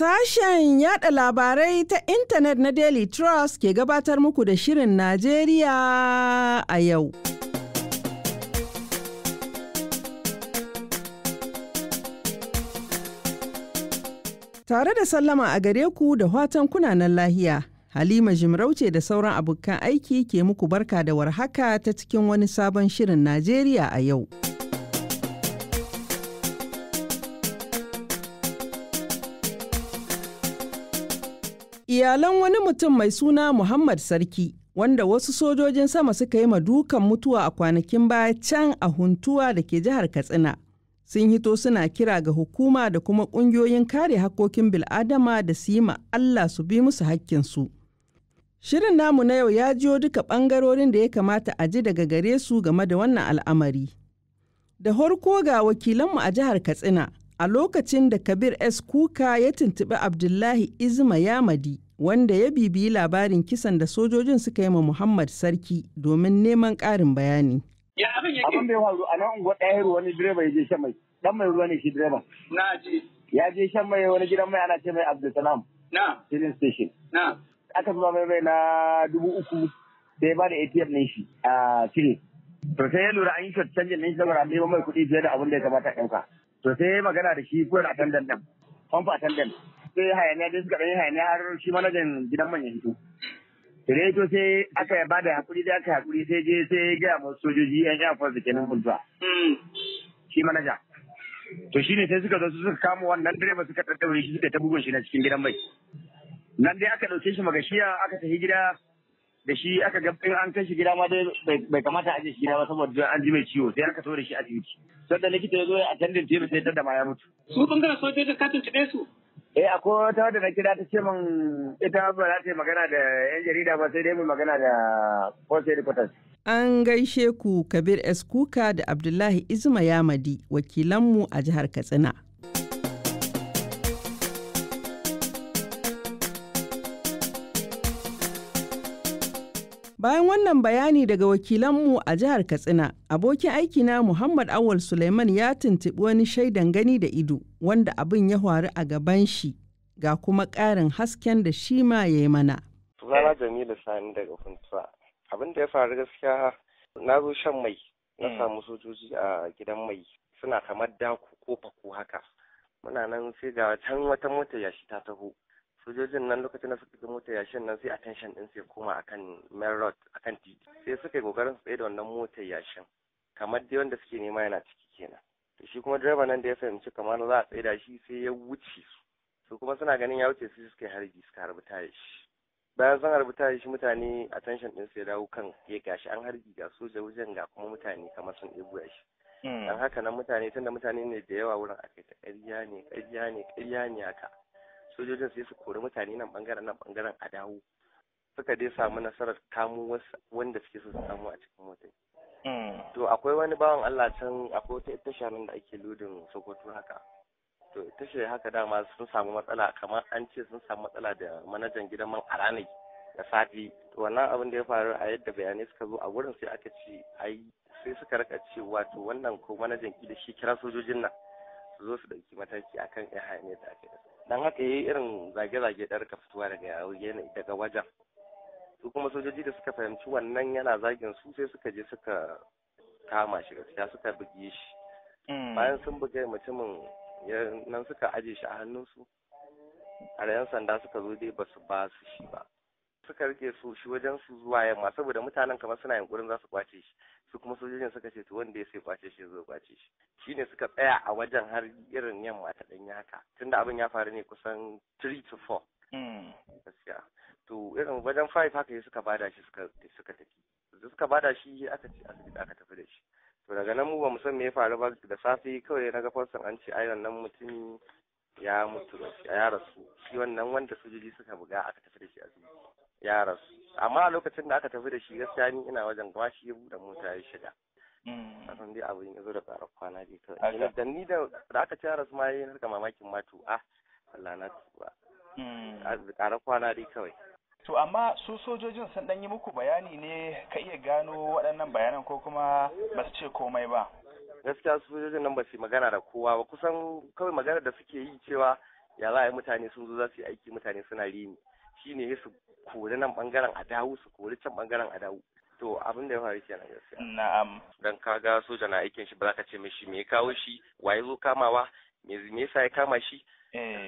Sashen yada labarai ta intanet na Daily Trust ke gabatar muku da Shirin Najeriya a yau. Tare da sallama a gare ku da watan kunanan lahiya, Halima Jimarauce da sauran abokan aiki ke muku barka da warhaka ta cikin wani sabon Shirin Najeriya a yau. Iyalan wani mutum mai suna Muhammad Sarki, wanda wasu sojojin sama suka yi dukan mutuwa a kwanakin baya can a Huntuwa da ke jihar Katsina. Sun hito suna kira ga hukuma da kuma ƙungiyoyin kare hakkokin bil'adama da su yi Allah su bi musu hakkinsu. Shirin namu na yau ya jiyo duka ɓangarorin da ya kamata a ji daga gare su game da wannan al'amari. Da horko ga wakilanmu a jihar Katsina. a lokacin da kabir s kuka ya tuntuɓi abdullahi izma yamadi wanda ya bibiyi labarin kisan da sojojin suka yi ma muhammad sarki domin neman ƙarin bayani abin da ya faru a nan unguwa ɗaya wani direba ya je shan mai dan mai ruwa ne shi direba na ya je shan mai wani gidan mai ana ce mai abdulsalam na filin station na aka zuba mai mai na dubu uku sai ya bada atm ne shi a filin to sai ya lura an yi shot canjin ne shi saboda an mai kuɗi fiye da abin da ya kamata ɗauka to sai magana da shi kuwar attendant nan famfa attendant sai hayaniya dai suka ɗanyi hayaniya har shi manajan gidan man ya hito da to sai aka ba da hakuri da aka hakuri sai je sai ya gaya masu sojoji yan yan fasa da kenan mutuwa mm. shi manaja to shine sai suka zo su suka kama wannan direba suka tattaure shi suka ta bugun shi na cikin gidan mai nan dai aka ɗauke shi magashiya aka tafi gida da shi aka ga in an kai shi gida ma dai bai kamata a je shi gida ba saboda an ji mai ciwo sai aka so da shi asibiti sai da likita ya zo ya attendin tebe sai tada ma ya mutu su bangaren sojoji katin tuntube su eh akwai wata wadda na kira ta ce min ita ba za ta yi magana da yan jarida ba sai dai mu magana da post reporters an gaishe ku kabir eskuka da abdullahi izma yamadi wakilanmu a jihar katsina Bayan wannan bayani daga wakilanmu a jihar Katsina, abokin aikina Muhammad Awal Suleiman ya tuntuɓi wani shaidan gani da ido wanda abin ya faru a gaban shi ga kuma ƙarin hasken da shi ma ya yi mana. Sunana Jamilu Sani daga Funtuwa. Abin da ya faru gaskiya na zo shan mai na mm. samu sojoji a gidan mai suna kamar daku ko fako haka. Muna nan sai ga can wata mota yashi ta taho sojojin nan lokacin da suka ga mota yashin nan sai attention din sai koma akan main road akan titi sai suka yi kokarin su tsaye da wannan mota yashin kamar dai wanda suke nema yana ciki kenan to shi kuma direba nan da ya fahimci kamar za a tsaye da shi sai ya wuce su su kuma suna ganin ya wuce su suka yi harbi suka harbi tare shi bayan sun harbi shi mutane attention din sai ya dawo kan ya gashi an harbi ga soja wajen ga kuma mutane kamar sun ya shi hmm. dan haka nan mutane tunda mutane ne da yawa wurin aka ta ƙarya ne ƙarya ne ƙarya ne haka sojojin sai su kori mutane nan bangaren nan bangaren a dawo suka dai samu nasarar kamo wanda suke so su samu a cikin motai hmm. to akwai wani bawan Allah can akwai wata tasha nan da ake lodin Sokoto haka to tashar haka dama sun samu matsala kamar an ce sun samu matsala da manajan gidan man a ranar da safi to wannan abin da ya faru a yadda bayanai suka zo a wurin sai aka ce ai sai suka raka cewa to wannan ko manajan ki da shi kira sojojin nan su zo su ɗauki mataki akan kan ne da ake dan haka yayi irin zage-zage da ka fitowa daga daga wajen su kuma sojoji da suka fahimci wannan yana zagin su sai suka je suka kama shi gaskiya suka buge shi hmm. bayan sun buge mutumin nan suka aje shi a hannunsu har yan sanda suka zo dai basu ba shi ba suka rike su shi wajen su zuwa yamma saboda mutanen kamar suna yunkurin za su kwace shi su kuma sojojin suka ce to wanda ya sai kwace shi zai kwace shi shine suka tsaya a wajen har irin yamma ta danyi haka tunda abin ya faru ne kusan 3 to 4 hmm. gaskiya to irin wajen 5 haka suka bada shi suka suka tafi suka bada shi aka ce asibiti aka tafi da shi to daga nan mu ba mu san me ya faru ba da safe kawai na ga farsan an ce ayyan nan mutum ya mutu ya rasu shi wannan wanda sojoji suka buga aka tafi da shi asibiti ya rasu amma a lokacin da aka tafi da shi gaskiya ni ina wajen ba shi ya buɗe mota ya shiga mm. A san dai abin ya zo da tsara kwana dai kawai da ni da aka ci rasu ma yi rika mamakin matu a ah, Allah na tuba tsara mm. kwana dai kawai to amma su sojojin sun ɗan yi muku bayani ne ka iya gano waɗannan bayanan ko kuma ba su ce komai ba gaskiya sojojin nan ba su magana da kowa ba kusan kawai magana da suke yi cewa ya za a yi mutane sun zo za su yi aiki mutane suna rini shine ya su kori nan bangaren a dawo su kori can bangaren a dawo to abin da ya faru kenan gaskiya na'am dan kaga soja na aikin shi ba za ka ce mishi me ya kawo shi waye zo kamawa me me yasa ya kama shi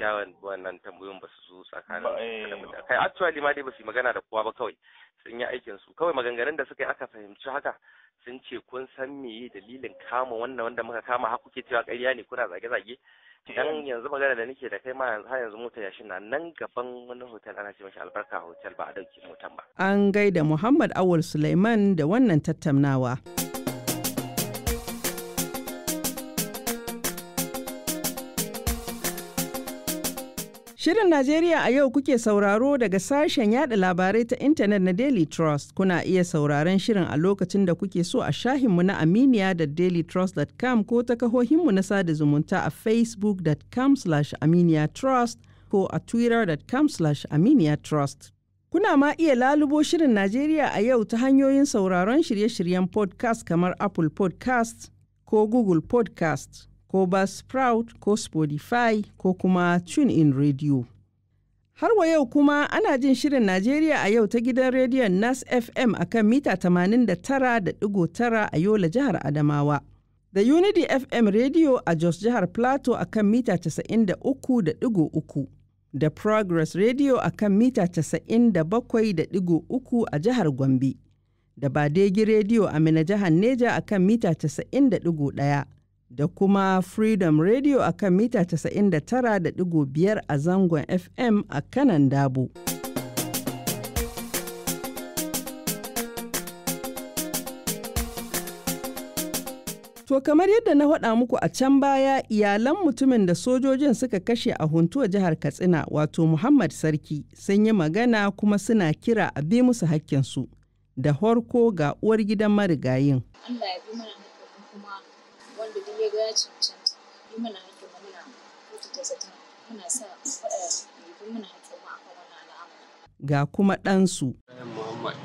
da eh. wannan tambayoyin ba su zo tsakanin eh. kai actually ma dai ba su magana da kowa ba kawai sun yi aikin su kawai maganganun da suka yi aka fahimci haka sun ce kun san me dalilin kama wannan wanda muka kama har kuke cewa ƙarya ne kuna zage-zage dan yanzu magana da nake da kai ma yanzu har yanzu mota yashin na nan gaban wani hotel ana ce mashi albarka hotel ba a dauke motan ba an gaida muhammad awul suleiman da wannan tattaunawa. Shirin Najeriya a yau kuke sauraro daga sashen yada labarai ta intanet na Daily Trust. Kuna iya sauraron shirin a lokacin da kuke so a shahinmu na Aminiya da dailytrust.com ko ta kahohinmu na sada zumunta a facebook.com slash trust ko a twitter.com slash trust Kuna ma iya lalubo shirin Najeriya a yau ta hanyoyin sauraron shirye-shiryen podcast kamar Apple podcast ko Google podcast. ko Buzzsprout ko Spotify ko kuma tune in Radio. Har wa yau kuma ana jin shirin Najeriya a yau ta gidan rediyon Nas FM a kan mita 89.9 a Yola jihar Adamawa. Da Unity FM Radio a Jos jihar Plateau a kan mita 93.3. Da Progress Radio a kan mita 97.3 a jihar Gombe. Da Badegi Radio a Mina jihar Neja a kan mita 91. da kuma Freedom Radio a kan mita 99.5 a zangon FM a kanan Dabo. To kamar yadda na faɗa muku a can baya iyalan mutumin da sojojin suka kashe a huntuwa jihar Katsina wato Muhammad Sarki sun yi magana kuma suna kira a bi musu hakkinsu da horko ga uwar gidan marigayin. Allah ya wanda duk ya ga ya cancanta duk muna haƙƙi ma muna ta zata muna sa faɗa muna haƙƙi ma akan wannan al'amari. Ga kuma ɗansu. Muhammad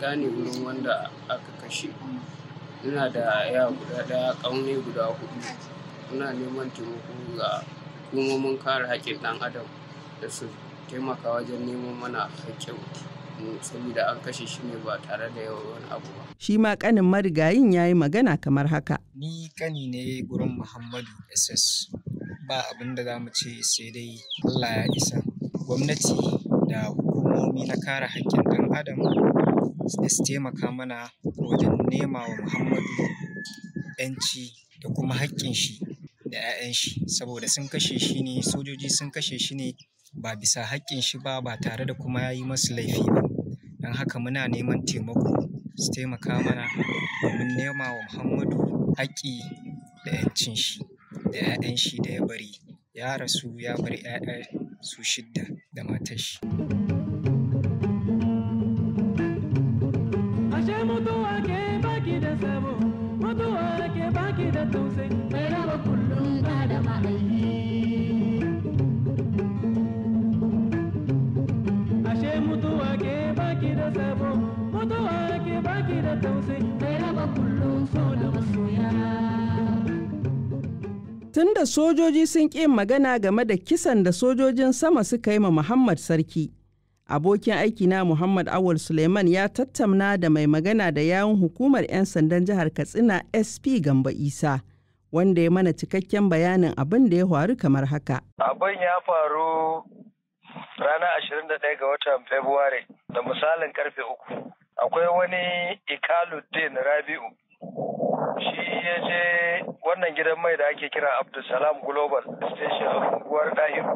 ka ne wurin wanda aka kashe. Ina da ya guda ɗaya ƙaunai guda hudu. Muna neman taimako ga hukumomin kare haƙƙin ɗan adam da su taimaka wajen neman mana haƙƙin saboda an kashe shi ne ba tare da wani abu ba. Shi ma kanin marigayin ya yi magana kamar haka. Ni kani ne gurin Muhammadu SS ba abin da za mu ce sai dai Allah ya isa. Gwamnati da hukumomi na kare haƙƙin ɗan adam su taimaka mana wajen nema wa Muhammadu 'yanci da kuma haƙƙin shi da 'ya'yan shi saboda sun kashe shi ne sojoji sun kashe shi ne ba bisa haƙƙin shi ba, ba tare da kuma ya yi masu laifi ba. Don haka muna neman taimako su taimaka mana domin nema wa Muhammadu haƙƙi da yancin shi da 'ya'yan shi da ya bari. Ya rasu ya bar 'ya'yan su shidda da matar shi. tun da sojoji sun ƙi magana game da kisan da sojojin sama suka yi ma Muhammad Sarki. Abokin aikina Muhammad Awul Suleiman ya tattamna da mai magana da yawun hukumar 'yan sandan jihar Katsina SP Gamba Isa. Wanda ya mana cikakken bayanin abin da ya faru kamar haka. Abin ya faru ranar 21 ga watan Fabrairu da misalin karfe uku. Akwai wani Ikaluddin Rabi'u shi ya je wannan gidan mai da ake kira abdulsalam global station a unguwar dahiru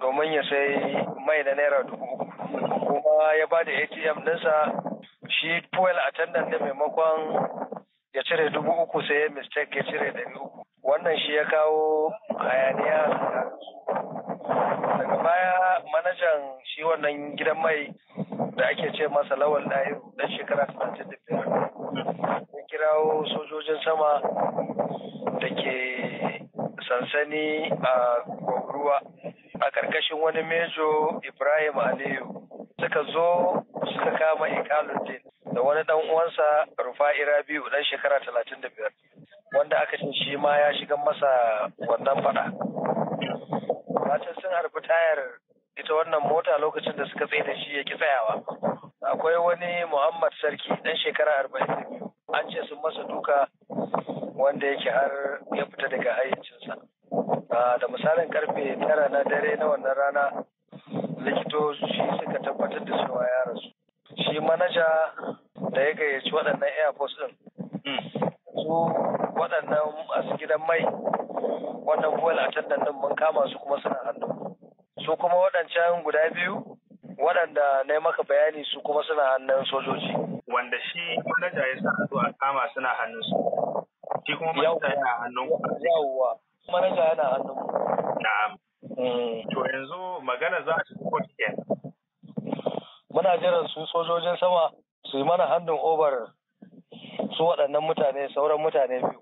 domin ya sai mai na naira dubu uku kuma ya ba da atm ɗinsa shi fuel attendant da maimakon ya cire dubu uku sai ya mistake ya cire ɗari uku wannan shi ya kawo hayaniya daga baya manajan shi wannan gidan mai da ake ce masa lawal dahiru ɗan shekara kirawo sojojin sama da ke sansani a ruwa a ƙarƙashin wani mejo ibrahim aliyu suka zo suka kama ikaluddin da wani dan uwansa rufa'i rabiu dan shekara talatin da biyar wanda aka ce shi ma ya shiga masa wannan fada bacin sun harbi tayar ita wannan mota lokacin da suka tsaye da shi ya ki tsayawa akwai wani muhammad sarki dan shekara arba'in da biyu an ce sun masa duka wanda yake har ya fita daga hayyacinsa ah, da misalin karfe tara na dare na wannan rana shi suka tabbatar da cewa ya rasu shi manaja da ya gayyaci waɗannan force ɗin su waɗannan a gidan mai wannan fuel attendant ɗin mun kama su kuma suna hannu su kuma waɗancan guda biyu waɗanda na maka bayani su kuma suna hannun sojoji wanda shi manaja ya sa su a kama suna hannun su shi kuma manaja yana hannun ku yawwa manaja yana hannun ku na'am mm. to yanzu magana za a ci court kenan muna jiran su sojojin sama su yi mana hannun over su waɗannan mutane sauran mutane biyu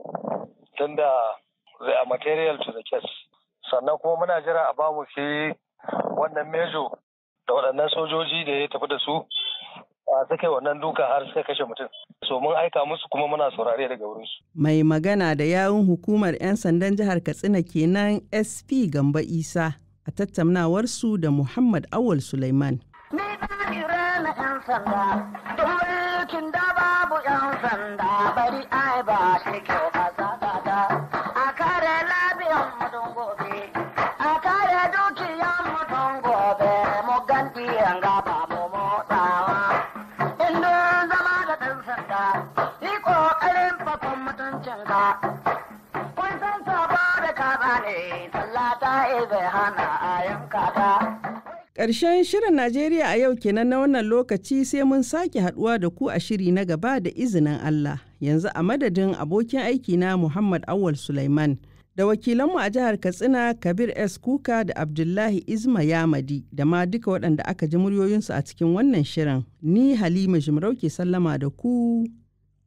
tunda zai are material to the case sannan kuma muna jira a bamu shi wannan mejo da waɗannan sojoji da ya tafi da su suka wannan duka har suka kashe mutum. So mun aika musu kuma muna saurare daga wurin su. Mai magana da yawun hukumar 'yan sandan jihar Katsina kenan SP Gamba Isa a tattaunawar su da Muhammad Awal Sulaiman. Ni sanda, bari Karshen Ƙarshen shirin Najeriya a yau kenan na wannan lokaci sai mun sake haɗuwa da ku a shiri na gaba da izinin Allah. Yanzu a madadin abokin aiki na Muhammad Awal Sulaiman. Da wakilanmu a jihar Katsina Kabir S. Kuka da Abdullahi Izma Yamadi da ma duka waɗanda aka ji muryoyinsu a cikin wannan shirin. Ni Halima Jimarau ke sallama da ku,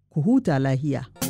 ku huta lahiya.